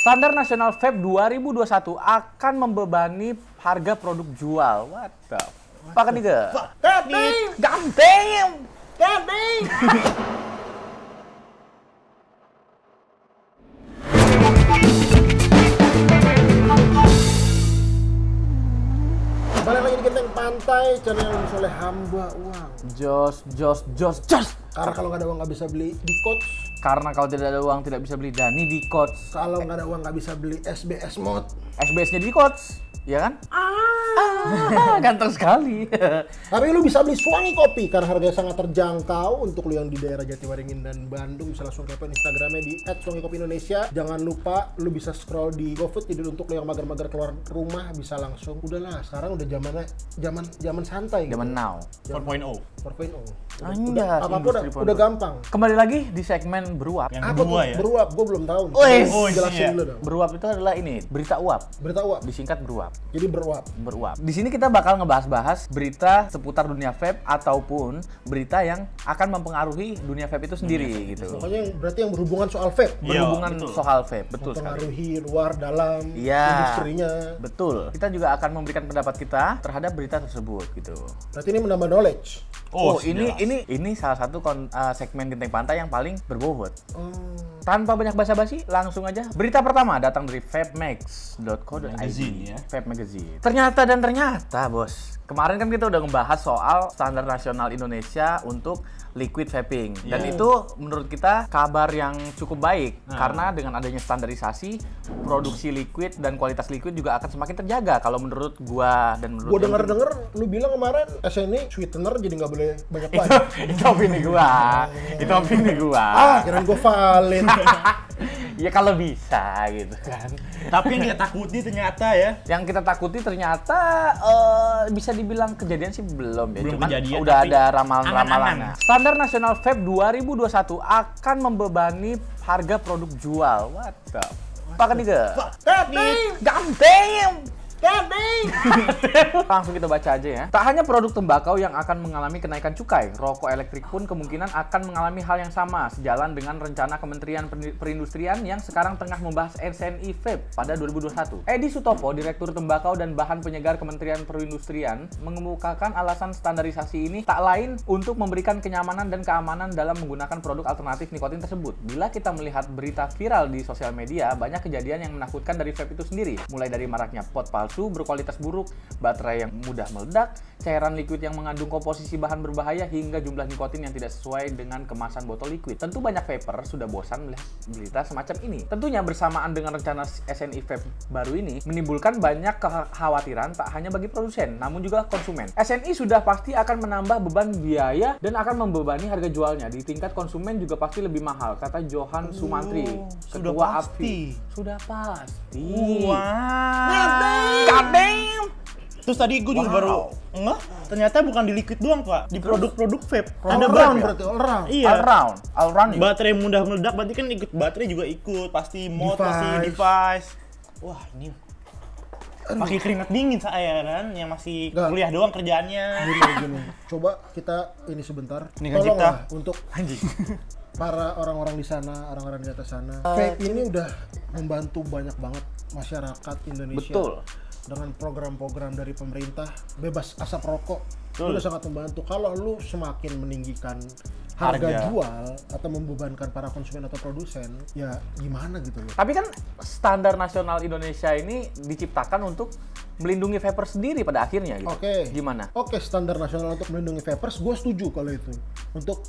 Standar nasional FEB 2021 akan membebani harga produk jual. What the fuck nih ke? God damn! God damn! God damn! Balik lagi di Genteng Pantai, channel yang disoleh hamba uang. Jos, jos, jos, jos! Karena kalau nggak ada uang nggak bisa beli di coach karena kalau tidak ada uang tidak bisa beli Dani di Coach. Kalau nggak ada uang nggak bisa beli SBS mod. SBS-nya di Coach ya kan? Ah, ah ganteng sekali. Tapi lu bisa beli suami Kopi karena harganya sangat terjangkau untuk lu yang di daerah Jatiwaringin dan Bandung bisa langsung kepoin Instagramnya di @suwangikopiindonesia. Jangan lupa lu bisa scroll di GoFood tidur untuk lu yang mager-mager keluar rumah bisa langsung. Udahlah, sekarang udah zamannya zaman zaman santai gitu. Zaman now. 4.0 4.0 Anjas, apapun udah, udah oh. gampang. Kembali lagi di segmen beruap. Yang apa ya? Beruap, gue belum tahu. oh, iya. jelasin iya. dulu dong. Beruap itu adalah ini berita uap. Berita uap. Disingkat beruap. Jadi beruap. Beruap. Di sini kita bakal ngebahas-bahas berita seputar dunia vape ataupun berita yang akan mempengaruhi dunia vape itu sendiri dunia. gitu. Pokoknya berarti yang berhubungan soal vape. Iya, berhubungan betul. soal vape, betul mempengaruhi sekali. luar dalam ya, industrinya. Betul. Kita juga akan memberikan pendapat kita terhadap berita tersebut gitu. Berarti ini menambah knowledge. Oh, oh ini ini ini salah satu kon, uh, segmen genteng pantai yang paling berbobot. Hmm tanpa banyak basa-basi, langsung aja. Berita pertama datang dari fabmax.co.id. Magazine ya. Fab Magazine. Ternyata dan ternyata, Bos. Kemarin kan kita udah ngebahas soal standar nasional Indonesia untuk liquid vaping. Yeah. Dan itu menurut kita kabar yang cukup baik nah. karena dengan adanya standarisasi produksi liquid dan kualitas liquid juga akan semakin terjaga kalau menurut gua dan menurut gua denger-denger lu bilang kemarin SNI sweetener jadi nggak boleh banyak banyak. itu, itu opini gua. itu opini gua. Ah, kirain gua valid. ya kalau bisa gitu kan. Tapi yang kita takuti ternyata ya. Yang kita takuti ternyata uh, bisa dibilang kejadian sih belum ya. Belum Cuman kejadian, udah ada ramalan-ramalan. Standar nasional vape 2021 akan membebani harga produk jual. What the? fuck? the fuck? Fuck? God Langsung kita baca aja ya. Tak hanya produk tembakau yang akan mengalami kenaikan cukai, rokok elektrik pun kemungkinan akan mengalami hal yang sama sejalan dengan rencana Kementerian Perindustrian yang sekarang tengah membahas SNI vape pada 2021. Edi Sutopo, Direktur Tembakau dan Bahan Penyegar Kementerian Perindustrian, mengemukakan alasan standarisasi ini tak lain untuk memberikan kenyamanan dan keamanan dalam menggunakan produk alternatif nikotin tersebut. Bila kita melihat berita viral di sosial media, banyak kejadian yang menakutkan dari vape itu sendiri, mulai dari maraknya pot palsu palsu berkualitas buruk, baterai yang mudah meledak, cairan liquid yang mengandung komposisi bahan berbahaya hingga jumlah nikotin yang tidak sesuai dengan kemasan botol liquid. Tentu banyak vapor sudah bosan melihat berita semacam ini. Tentunya bersamaan dengan rencana SNI Vape baru ini menimbulkan banyak kekhawatiran tak hanya bagi produsen namun juga konsumen. SNI sudah pasti akan menambah beban biaya dan akan membebani harga jualnya. Di tingkat konsumen juga pasti lebih mahal kata Johan oh, Sumantri, oh, ketua pasti. API. Sudah pasti. Wow. God Terus tadi gue juga wow. baru ngeh, ternyata bukan di liquid doang pak, di produk-produk vape. All ada round ya? berarti all round. Iya. iya. All round, all round. Ya? Baterai mudah meledak, berarti kan ikut baterai juga ikut, pasti mod, device. pasti device. Wah ini pakai keringat dingin saya kan yang masih Gak. kuliah doang kerjaannya gini gini coba kita ini sebentar ini kan tolonglah untuk anjing para orang-orang di sana orang-orang di atas sana vape ini udah membantu banyak banget masyarakat Indonesia betul dengan program-program dari pemerintah bebas asap rokok Betul. itu sangat membantu kalau lu semakin meninggikan harga, harga jual atau membebankan para konsumen atau produsen ya gimana gitu loh tapi kan standar nasional Indonesia ini diciptakan untuk melindungi vapers sendiri pada akhirnya gitu. Oke. Okay. Gimana? Oke, okay, standar nasional untuk melindungi vapers, gue setuju kalau itu. Untuk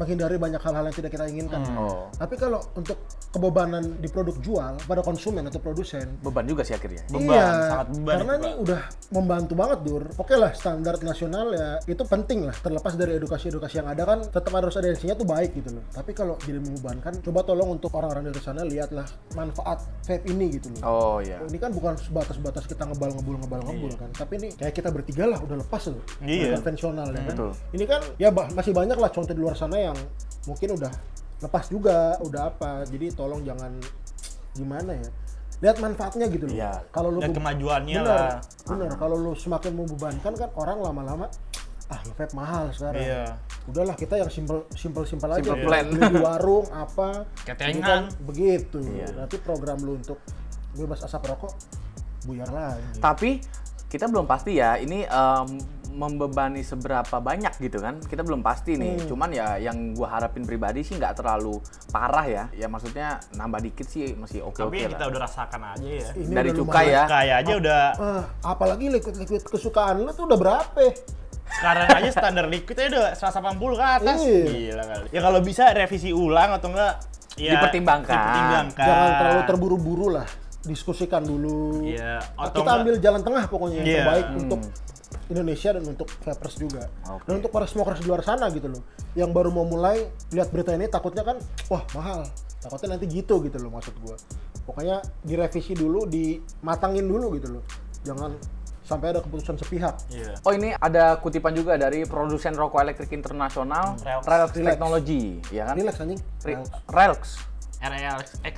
menghindari banyak hal-hal yang tidak kita inginkan. Hmm. Oh. Tapi kalau untuk kebebanan di produk jual pada konsumen atau produsen, beban juga sih akhirnya. Iya, beban, iya, sangat beban. Karena ini udah membantu banget dur. Oke lah standar nasional ya itu penting lah. Terlepas dari edukasi-edukasi yang ada kan, tetap harus ada isinya tuh baik gitu loh. Tapi kalau jadi membebankan, coba tolong untuk orang-orang dari sana lihatlah manfaat vape ini gitu loh. Oh iya. Ini kan bukan sebatas-batas kita ngebal ngebul ngebal ngebul iya. kan. Tapi ini kayak kita bertiga lah udah lepas loh. Iya. Konvensional ya kan. Betul. Ini kan ya bah, masih banyak lah contoh di luar sana yang mungkin udah lepas juga udah apa jadi tolong jangan gimana ya lihat manfaatnya gitu loh iya. kalau lu lihat kemajuannya bener, lah bener kalau lu semakin membebankan kan orang lama-lama ah vape mahal sekarang iya. udahlah kita yang simple simple simple, simple aja plan. beli di warung apa ketengan gitu kan, begitu iya. nanti program lu untuk bebas asap rokok buyar lagi tapi kita belum pasti ya ini um, membebani seberapa banyak gitu kan kita belum pasti nih hmm. cuman ya yang gue harapin pribadi sih nggak terlalu parah ya ya maksudnya nambah dikit sih masih oke okay tapi okay kita udah rasakan aja ya Ini dari cukai ya cukai aja udah uh, apalagi liquid liquid kesukaan lu tuh udah berapa sekarang aja standar liquid aja udah 180 ke atas Iyi. gila kali ya kalau bisa revisi ulang atau enggak ya, dipertimbangkan. dipertimbangkan jangan terlalu terburu-buru lah diskusikan dulu. Yeah, iya, kita ambil jalan tengah pokoknya yang yeah. terbaik hmm. untuk Indonesia dan untuk vapers juga. Okay. Dan untuk para smokers di luar sana gitu loh. Yang baru mau mulai lihat berita ini takutnya kan wah mahal. Takutnya nanti gitu gitu loh maksud gua. Pokoknya direvisi dulu, dimatangin dulu gitu loh. Jangan sampai ada keputusan sepihak. Yeah. Oh ini ada kutipan juga dari produsen rokok elektrik internasional hmm. Relx, Technology, ya kan? Relx anjing. Relx. Relx.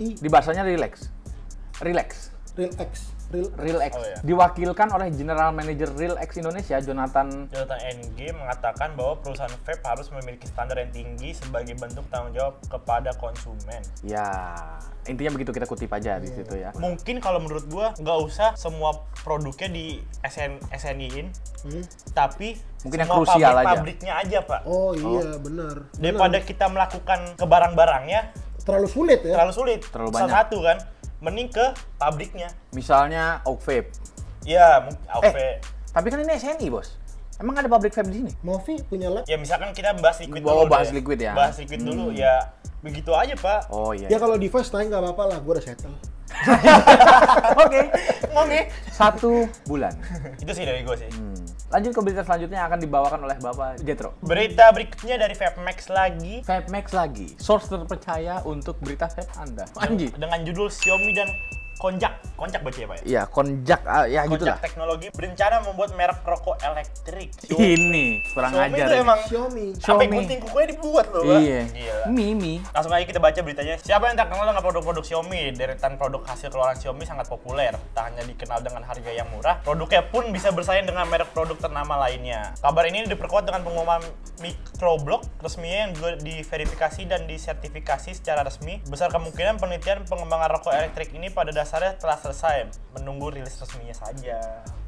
I. Di bahasanya relax. Relax. Relax. Real Real X oh, iya. diwakilkan oleh General Manager Real X Indonesia Jonathan Jonathan NG mengatakan bahwa perusahaan vape harus memiliki standar yang tinggi sebagai bentuk tanggung jawab kepada konsumen. Ya, intinya begitu kita kutip aja hmm. di iya, iya. situ ya. Mungkin kalau menurut gua nggak usah semua produknya di SN SNI-in. Hmm. Tapi mungkin yang krusial pabrik, aja. Pabriknya aja, Pak. Oh iya, oh. benar. Daripada kita melakukan ke barang-barangnya, terlalu sulit ya. Terlalu sulit. Terlalu banyak. Salah satu kan. Mending ke pabriknya. Misalnya Vape. Iya, Oak Eh, tapi kan ini SNI, Bos. Emang ada pabrik vape di sini? Movi punya lah. Ya misalkan kita bahas liquid Bawa dulu. bahas deh. liquid ya. Bahas liquid hmm. dulu ya. Begitu aja, Pak. Oh iya. Ya iya. kalau device naik nggak apa-apa lah, gua udah settle. Oke. Oke. Satu bulan. Itu sih dari gue sih. Hmm. Lanjut ke berita selanjutnya yang akan dibawakan oleh Bapak Jetro. Berita berikutnya dari Fabmax lagi. Fabmax lagi, source terpercaya untuk berita vape Anda. Anji. Dengan judul Xiaomi dan konjak konjak baca ya pak ya iya konjak uh, ya gitu konjak gitulah teknologi berencana membuat merek rokok elektrik Xiaomi. ini kurang Xiaomi ajar itu ya. emang Xiaomi sampai gunting kukunya dibuat loh Iya. iya mimi langsung aja kita baca beritanya siapa yang terkenal dengan produk-produk Xiaomi deretan produk hasil keluaran Xiaomi sangat populer tak hanya dikenal dengan harga yang murah produknya pun bisa bersaing dengan merek produk ternama lainnya kabar ini diperkuat dengan pengumuman microblog resmi yang juga diverifikasi dan disertifikasi secara resmi besar kemungkinan penelitian pengembangan rokok elektrik ini pada dasarnya dasarnya telah selesai, menunggu rilis resminya saja.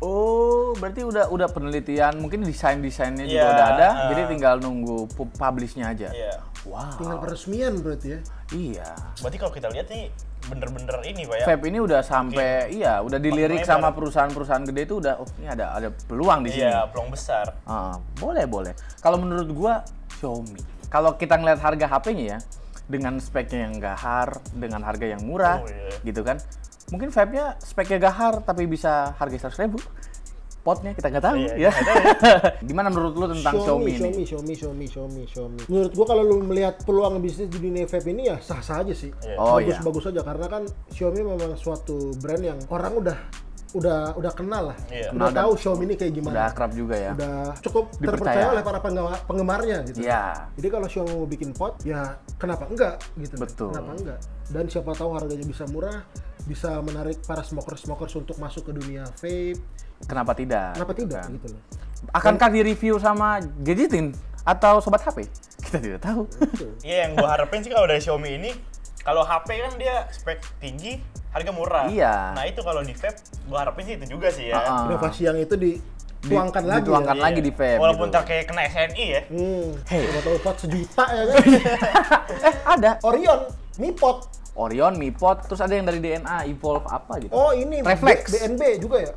Oh, berarti udah udah penelitian, mungkin desain-desainnya yeah, juga iya, udah ada, uh, jadi tinggal nunggu publishnya aja. Iya. Yeah. Wow. Tinggal peresmian berarti ya. Iya. Berarti kalau kita lihat nih bener-bener ini Pak ya. Vape ini udah sampai okay. iya, udah dilirik sama perusahaan-perusahaan gede itu udah oh ini ada ada peluang di iya, sini. Iya, peluang besar. Uh, boleh, boleh. Kalau menurut gua Xiaomi. Kalau kita ngeliat harga HP-nya ya, dengan speknya yang gahar, dengan harga yang murah, oh, iya. gitu kan mungkin vape-nya speknya gahar tapi bisa harga seratus ribu potnya kita nggak tahu iya, ya. ya. Gimana menurut lu tentang Xiaomi, Xiaomi ini? Xiaomi, Xiaomi, Xiaomi, Xiaomi. Menurut gua kalau lu melihat peluang bisnis di dunia vape ini ya sah-sah aja sih. Iya. Oh, iya. bagus, bagus aja karena kan Xiaomi memang suatu brand yang orang udah udah udah kenal lah. Iya. Udah kenal tahu Xiaomi ini kayak gimana. Udah akrab juga ya. Udah cukup terpercaya oleh para penggemarnya gitu. Iya. Jadi kalau Xiaomi mau bikin pot ya kenapa enggak gitu. Betul. Kenapa enggak? Dan siapa tahu harganya bisa murah, bisa menarik para smokers-smokers untuk masuk ke dunia vape. Kenapa tidak? Kenapa gitu tidak kan? gitu loh. Akankah di review sama Gadgetin atau sobat HP? Kita tidak tahu. Iya, yang gua harapin sih kalau dari Xiaomi ini kalau HP kan dia spek tinggi, harga murah. Iya. Nah, itu kalau di vape gua harapin sih itu juga sih ya. Uh ah, -huh. Ah. Inovasi yang itu di dituangkan lagi. ya. lagi di vape. Iya. Walaupun gitu. kena SNI ya. Hmm. Hey. sejuta ya kan. eh ada. Orion, Mipot. Orion, Mipot, terus ada yang dari DNA, Evolve apa gitu. Oh ini, Reflex. BNB juga ya?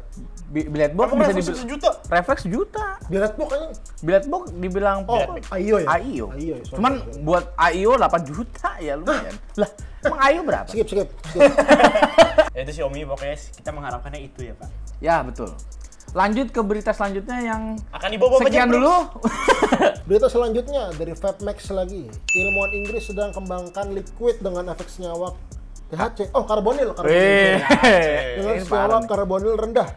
Billet box bisa di sejuta. Reflex sejuta. Billet box kan. Billet box dibilang oh, AIO ya. AIO. AIO ya, Cuman ya. buat AIO 8 juta ya lumayan. lah, emang AIO berapa? Skip, skip. skip. ya, itu si Omi pokoknya kita mengharapkannya itu ya, Pak. Ya, betul lanjut ke berita selanjutnya yang akan dibawa sekian dulu. berita selanjutnya dari max lagi. Ilmuwan Inggris sedang kembangkan liquid dengan efek senyawa THC. Oh, karbonil. karbonil. Dengan senyawa karbonil rendah.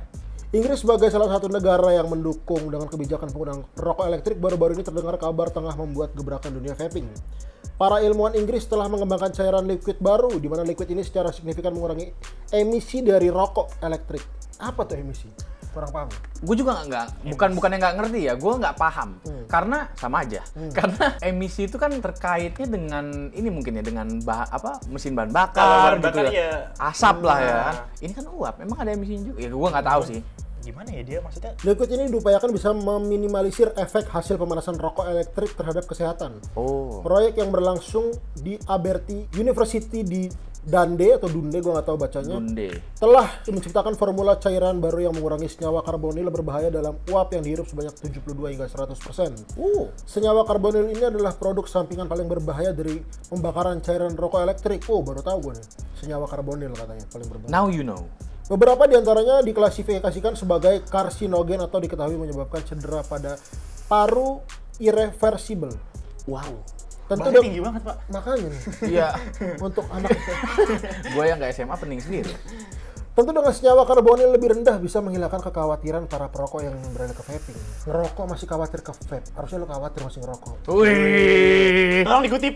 Inggris sebagai salah satu negara yang mendukung dengan kebijakan penggunaan rokok elektrik baru-baru ini terdengar kabar tengah membuat gebrakan dunia vaping. Para ilmuwan Inggris telah mengembangkan cairan liquid baru, di mana liquid ini secara signifikan mengurangi emisi dari rokok elektrik. Apa tuh emisi? kurang paham gue juga nggak bukan bukan yang nggak ngerti ya gue nggak paham hmm. karena sama aja hmm. karena emisi itu kan terkaitnya dengan ini mungkin ya dengan bah, apa mesin bahan bakar, bahan gitu bakar gitu ya. asap hmm. lah ya hmm. ini kan uap memang ada emisi juga ya gue nggak tahu sih gimana ya dia maksudnya liquid ini diupayakan bisa meminimalisir efek hasil pemanasan rokok elektrik terhadap kesehatan. Oh. Proyek yang berlangsung di Alberti University di Dande atau Dunde gue nggak tahu bacanya Dunde. telah menciptakan formula cairan baru yang mengurangi senyawa karbonil berbahaya dalam uap yang dihirup sebanyak 72 hingga 100%. Uh, senyawa karbonil ini adalah produk sampingan paling berbahaya dari pembakaran cairan rokok elektrik. Oh, baru tahu gue nih. Senyawa karbonil katanya paling berbahaya. Now you know. Beberapa diantaranya diklasifikasikan sebagai karsinogen atau diketahui menyebabkan cedera pada paru irreversible. Wow tentu Bahaya tinggi banget pak makanya iya untuk anak gue yang nggak SMA pening sendiri Tentu dengan senyawa karbonil lebih rendah bisa menghilangkan kekhawatiran para perokok yang berada ke vaping. Ngerokok masih khawatir ke vape. Harusnya lo khawatir masih ngerokok. Wih. Tolong dikutip.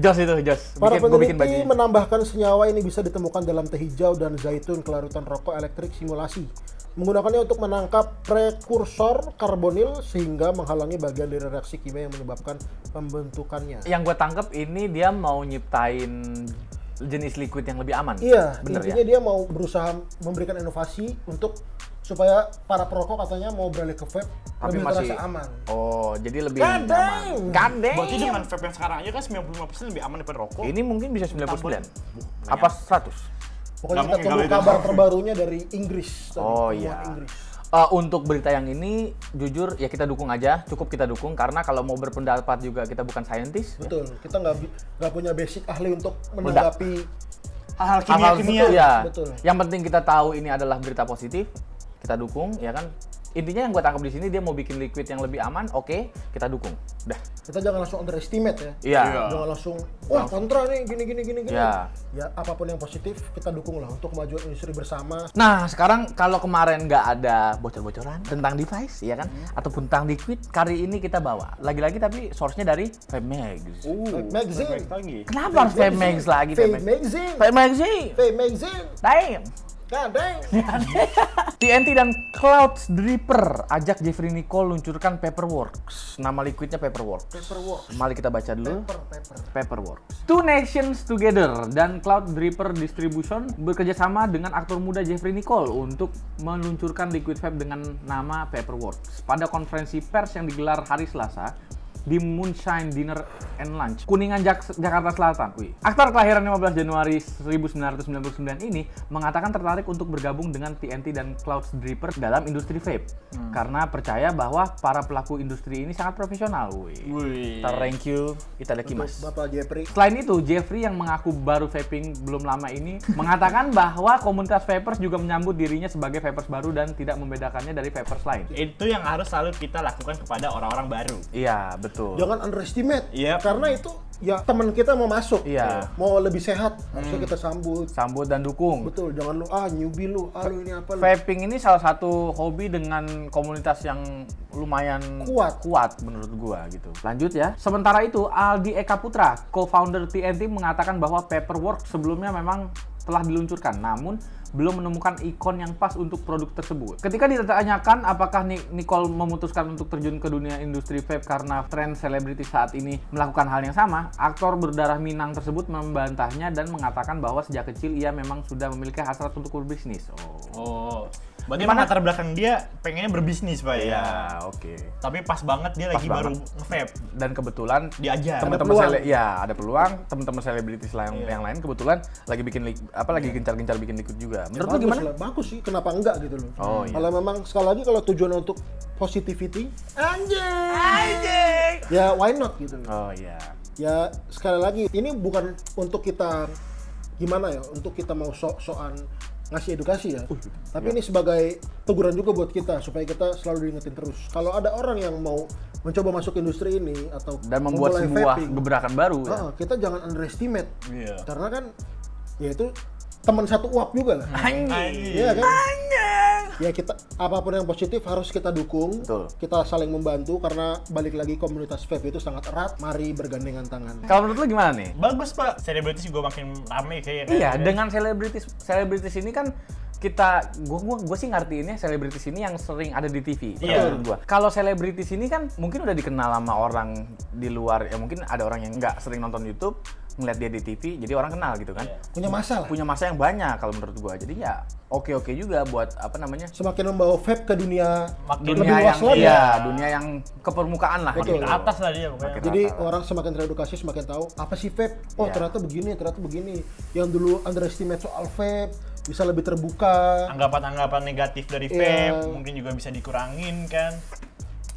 Jos itu, Jos. Para peneliti bikin menambahkan senyawa ini bisa ditemukan dalam teh hijau dan zaitun kelarutan rokok elektrik simulasi menggunakannya untuk menangkap prekursor karbonil sehingga menghalangi bagian dari reaksi kimia yang menyebabkan pembentukannya. Yang gue tangkap ini dia mau nyiptain jenis liquid yang lebih aman. Iya, Bener intinya ya? dia mau berusaha memberikan inovasi untuk supaya para perokok katanya mau beralih ke vape Tapi lebih masih, terasa aman. Oh, jadi lebih God aman. God Berarti dengan vape yang sekarang aja kan 95% lebih aman daripada rokok. Ini mungkin bisa 99. Apa 100? Pokoknya kita tunggu kabar terbarunya dari Inggris. Tadi, oh iya. Inggris. Uh, untuk berita yang ini, jujur ya kita dukung aja, cukup kita dukung karena kalau mau berpendapat juga kita bukan saintis. Ya. Betul, ya. kita nggak nggak punya basic ahli untuk menanggapi hal-hal kimia-kimia. Betul, ya. Betul. Yang penting kita tahu ini adalah berita positif, kita dukung, ya kan intinya yang gue tangkap di sini dia mau bikin liquid yang lebih aman, oke, okay, kita dukung. Dah. Kita jangan langsung underestimate ya. Iya. Yeah. Jangan langsung wah kontra nih gini gini gini gini. Yeah. Ya apapun yang positif kita dukung lah untuk kemajuan industri bersama. Nah, sekarang kalau kemarin nggak ada bocor-bocoran tentang device ya kan hmm. ataupun tentang liquid, kali ini kita bawa. Lagi-lagi tapi source-nya dari Fame Magazine. Uh, magazine. Kenapa harus Fame Magazine lagi? Fame Magazine. Fame Magazine. Fame Magazine. Damn. TNT dan Cloud Dripper ajak Jeffrey Nicole luncurkan Paperworks. Nama liquidnya Paperworks. Paperworks. Mari kita baca dulu. Paper, paper. Paperworks. Two Nations Together dan Cloud Dripper Distribution bekerja sama dengan aktor muda Jeffrey Nicole untuk meluncurkan Liquid Vape dengan nama Paperworks. Pada konferensi pers yang digelar hari Selasa, di Moonshine Dinner and Lunch, Kuningan, Jak Jakarta Selatan. Wih. aktor kelahiran 15 Januari 1999 ini mengatakan tertarik untuk bergabung dengan TNT dan Cloud Dripper dalam industri vape. Hmm. Karena percaya bahwa para pelaku industri ini sangat profesional. Wih. Wih. Thank you. mas. Bapak Jeffrey. Selain itu, Jeffrey yang mengaku baru vaping belum lama ini mengatakan bahwa komunitas vapers juga menyambut dirinya sebagai vapers baru dan tidak membedakannya dari vapers lain. Itu yang harus selalu kita lakukan kepada orang-orang baru. Iya, betul Betul. Jangan underestimate. Yep. Iya. Karena itu ya teman kita mau masuk, iya. mau lebih sehat, harusnya hmm. kita sambut. Sambut dan dukung. Betul, jangan lu ah newbie lu, ah lu ini apa lu. Vaping ini salah satu hobi dengan komunitas yang lumayan kuat kuat menurut gua gitu. Lanjut ya. Sementara itu Aldi Eka Putra, co-founder TNT mengatakan bahwa paperwork sebelumnya memang telah diluncurkan, namun belum menemukan ikon yang pas untuk produk tersebut. Ketika ditanyakan apakah Nicole memutuskan untuk terjun ke dunia industri vape karena tren selebriti saat ini melakukan hal yang sama, aktor berdarah Minang tersebut membantahnya dan mengatakan bahwa sejak kecil ia memang sudah memiliki hasrat untuk berbisnis. Oh. oh. Berarti Dimana... latar belakang dia pengennya berbisnis, Pak ya. Iya, oke. Okay. Tapi pas banget dia pas lagi banget. baru nge-vape dan kebetulan diajar. Teman-teman saya ya ada peluang, iya, teman-teman selebritis yang yeah. yang lain kebetulan lagi bikin apa lagi iya. gencar-gencar bikin ikut juga. Menurut bagus, gimana? Lah. Bagus sih, kenapa enggak gitu loh. Oh, iya. Kalau memang sekali lagi kalau tujuan untuk positivity, anjing. Anjing. Ya why not gitu loh. Oh iya. Ya sekali lagi ini bukan untuk kita gimana ya untuk kita mau sok-sokan ngasih edukasi ya. Uh, Tapi ya. ini sebagai teguran juga buat kita supaya kita selalu diingetin terus. Kalau ada orang yang mau mencoba masuk industri ini atau dan membuat sebuah vaping, gebrakan baru, ya? kita jangan underestimate. Yeah. Karena kan ya itu teman satu uap juga lah. Iya kan? ya kita apapun yang positif harus kita dukung Betul. kita saling membantu karena balik lagi komunitas vape itu sangat erat mari bergandengan tangan kalau menurut lu gimana nih bagus pak selebritis juga makin rame kayaknya iya, iya. dengan selebritis selebritis ini kan kita gua gua gua sih ngerti ini selebritis ini yang sering ada di TV yeah. menurut gua. Kalau selebritis ini kan mungkin udah dikenal sama orang di luar ya mungkin ada orang yang nggak sering nonton YouTube ngeliat dia di TV jadi orang kenal gitu kan yeah. punya masa lah punya masa yang banyak kalau menurut gua jadi ya oke oke juga buat apa namanya semakin membawa vape ke dunia makin dunia lebih luas lagi ya dunia yang ke permukaan lah Betul. makin ke atas lah dia pokoknya jadi rata. orang semakin teredukasi semakin tahu apa sih vape oh yeah. ternyata begini ternyata begini yang dulu underestimate soal vape bisa lebih terbuka anggapan-anggapan negatif dari iya. vape yeah. mungkin juga bisa dikurangin kan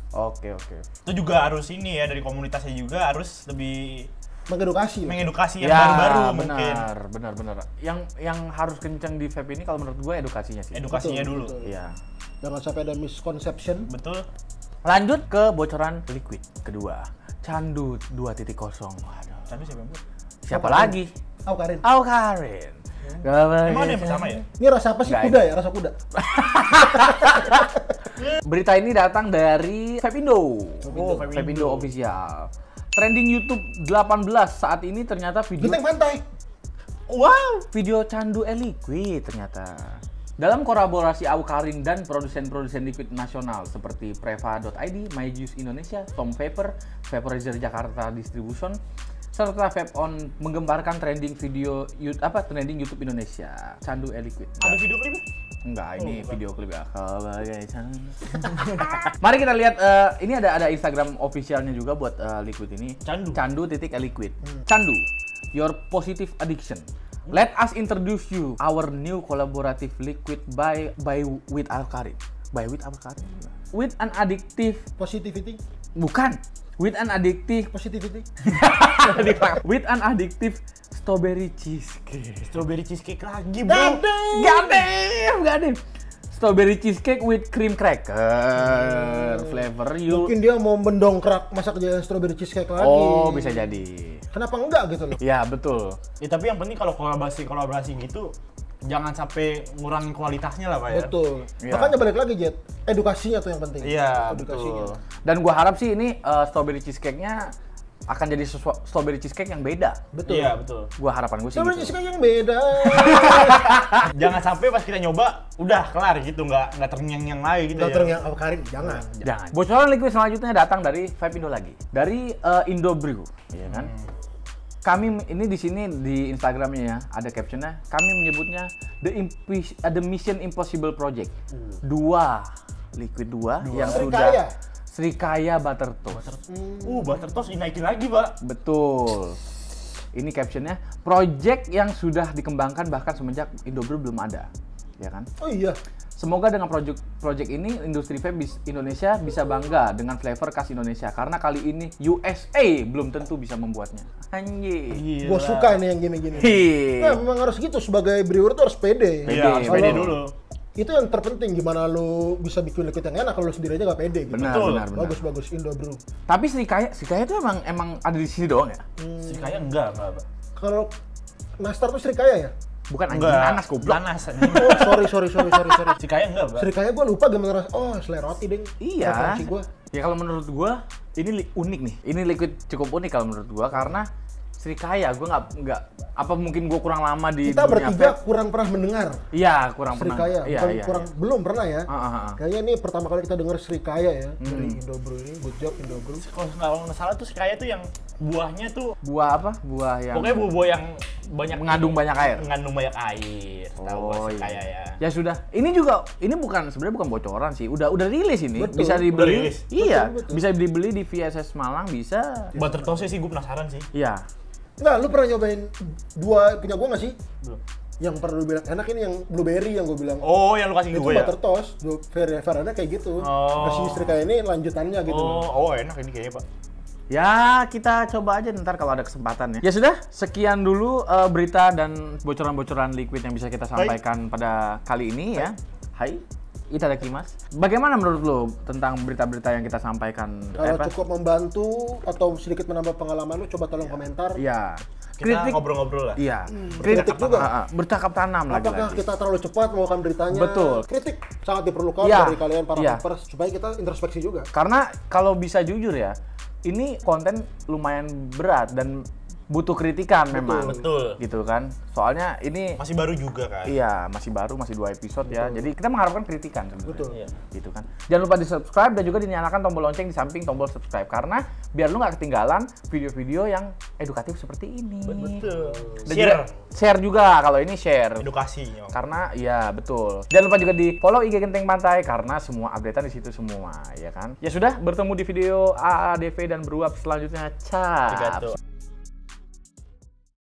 Oke okay, oke. Okay. Itu juga harus ini ya dari komunitasnya juga harus lebih mengedukasi mengedukasi yang ya, baru-baru ya, mungkin benar benar benar yang yang harus kencang di vape ini kalau menurut gue edukasinya sih edukasinya betul, dulu betul. ya jangan sampai ada misconception betul lanjut ke bocoran liquid kedua candu 2.0 waduh candu siapa yang siapa Aukarin. lagi Aukarin Aukarin ya. Gak Emang ada yang pertama ya? Ini rasa apa sih? Gak kuda ya? Rasa kuda? Berita ini datang dari Vapindo. Vapindo, oh, Vapindo. Vapindo official. Trending YouTube 18 saat ini ternyata video genteng pantai. Wow, video candu Eliqui ternyata. Dalam kolaborasi Karin dan produsen-produsen liquid nasional seperti Preva.id, MyJuice Indonesia, Tom Vapor, Vaporizer Jakarta Distribution, serta Feb On menggemparkan trending video YouTube apa trending YouTube Indonesia. Candu Eliquid. Ada video klipnya? Enggak, ini oh, video klip ya. Sebagai candu. Mari kita lihat uh, ini ada ada Instagram officialnya juga buat uh, eh, Liquid ini. Candu. Candu titik Eliquid. Hmm. Candu. Your positive addiction. Hmm. Let us introduce you our new collaborative liquid by by with Alkarin. By with Alkarin. Hmm. With an addictive positivity. Bukan with an addictive positivity with an addictive strawberry cheesecake strawberry cheesecake lagi bro gadem gadem gadem strawberry cheesecake with cream cracker hmm. flavor you mungkin dia mau mendongkrak masa kerja strawberry cheesecake lagi oh bisa jadi kenapa enggak gitu loh ya betul ya tapi yang penting kalau kolaborasi kolaborasi gitu jangan sampai ngurangin kualitasnya lah pak ya. Betul. Ya. Makanya balik lagi Jet, edukasinya tuh yang penting. Iya, edukasinya. Betul. Dan gua harap sih ini uh, strawberry cheesecake-nya akan jadi strawberry cheesecake yang beda. Betul. Iya, betul. Gua harapan gue sih. Strawberry gitu. cheesecake yang beda. jangan sampai pas kita nyoba udah kelar gitu, nggak nggak terngiang yang lain gitu. Nggak ya. terngiang apa oh, kari, jangan. Jangan. Bocoran liquid selanjutnya datang dari Vape Indo lagi, dari uh, Indo Brew, iya kan? Hmm kami ini di sini di Instagramnya ya ada captionnya kami menyebutnya the Impi uh, the Mission Impossible Project hmm. dua liquid dua, dua. yang Serikaya. sudah Srikaya Butter Toast. Butter, hmm. Uh Butter Toast ini lagi pak. Betul. Ini captionnya project yang sudah dikembangkan bahkan semenjak Indobrew belum ada, ya kan? Oh iya. Semoga dengan project project ini industri vape bis, Indonesia bisa bangga dengan flavor khas Indonesia karena kali ini USA belum tentu bisa membuatnya. Anjir. gua suka ini yang gini-gini. Nah, memang harus gitu sebagai brewer tuh harus pede. Iya, pede, ya, harus pede dulu. Itu yang terpenting gimana lo bisa bikin liquid yang enak kalau lo sendiri aja gak pede gitu. Benar, benar, benar. Bagus bagus Indo bro. Tapi Sri Kaya, Sri Kaya itu emang emang ada di sini doang ya? Hmm. Kaya enggak, enggak. Kalau Master tuh Kaya ya? Bukan anjing enggak. nanas goblok. Nanas. oh, sorry sorry sorry sorry sorry. Srikaya enggak, Bang. Srikaya gua lupa gimana ras. Oh, selai roti, Ding. Iya. Referensi gua. Ya kalau menurut gua ini unik nih. Ini liquid cukup unik kalau menurut gua karena Sri Kaya, gue nggak nggak apa mungkin gue kurang lama di kita bertiga pet. kurang pernah mendengar. Iya kurang Sri pernah. Iya, Bukan ya, kurang ya. belum pernah ya. Uh, uh, uh. Kayaknya ini pertama kali kita dengar Sri Kaya ya hmm. dari Brew ini. Good job Indo Brew. Kalau nggak salah tuh Sri Kaya tuh yang buahnya tuh buah apa? Buah yang pokoknya buah, -buah yang banyak mengandung banyak air. Mengandung banyak air. Tahu oh, iya. Kaya ya. Ya sudah. Ini juga ini bukan sebenarnya bukan bocoran sih. Udah udah rilis ini. Betul. Bisa dibeli. rilis. Iya. Betul, betul. Bisa dibeli di VSS Malang bisa. Butter toast sih gue penasaran sih. Iya. Enggak, lu pernah nyobain dua punya gua gak sih? Belum. Yang perlu bilang enak ini yang blueberry yang gua bilang. Oh, yang lu kasih gue ya? Itu butter toast, variannya kayak gitu. Oh. Kasih istri kayak ini lanjutannya gitu. Oh, oh enak ini kayaknya, Pak. Ya, kita coba aja ntar kalau ada kesempatan ya. Ya sudah, sekian dulu uh, berita dan bocoran-bocoran liquid yang bisa kita sampaikan Hai. pada kali ini Hai. ya. Hai. Itadakimasu. Bagaimana menurut lo tentang berita-berita yang kita sampaikan? Kalau eh, cukup membantu atau sedikit menambah pengalaman lo, coba tolong ya. komentar. Iya. Kita ngobrol-ngobrol lah. Iya. Hmm. Kritik juga. Ah, ah. Bercakap tanam lagi. Apakah kita terlalu cepat melakukan beritanya? Betul. Kritik sangat diperlukan ya. dari kalian para ya. Papers, supaya kita introspeksi juga. Karena kalau bisa jujur ya, ini konten lumayan berat dan butuh kritikan betul, memang. Betul. Gitu kan. Soalnya ini masih baru juga kan. Iya, masih baru, masih dua episode ya. betul. ya. Jadi kita mengharapkan kritikan sebenernya. Betul. Iya. Gitu kan. Jangan lupa di-subscribe dan juga dinyalakan tombol lonceng di samping tombol subscribe karena biar lu nggak ketinggalan video-video yang edukatif seperti ini. Betul. Dan share. Juga, share juga kalau ini share. Edukasi. Karena iya, betul. Jangan lupa juga di-follow IG Genteng Pantai karena semua updatean di situ semua, ya kan? Ya sudah, bertemu di video AADV dan beruap selanjutnya. Ciao.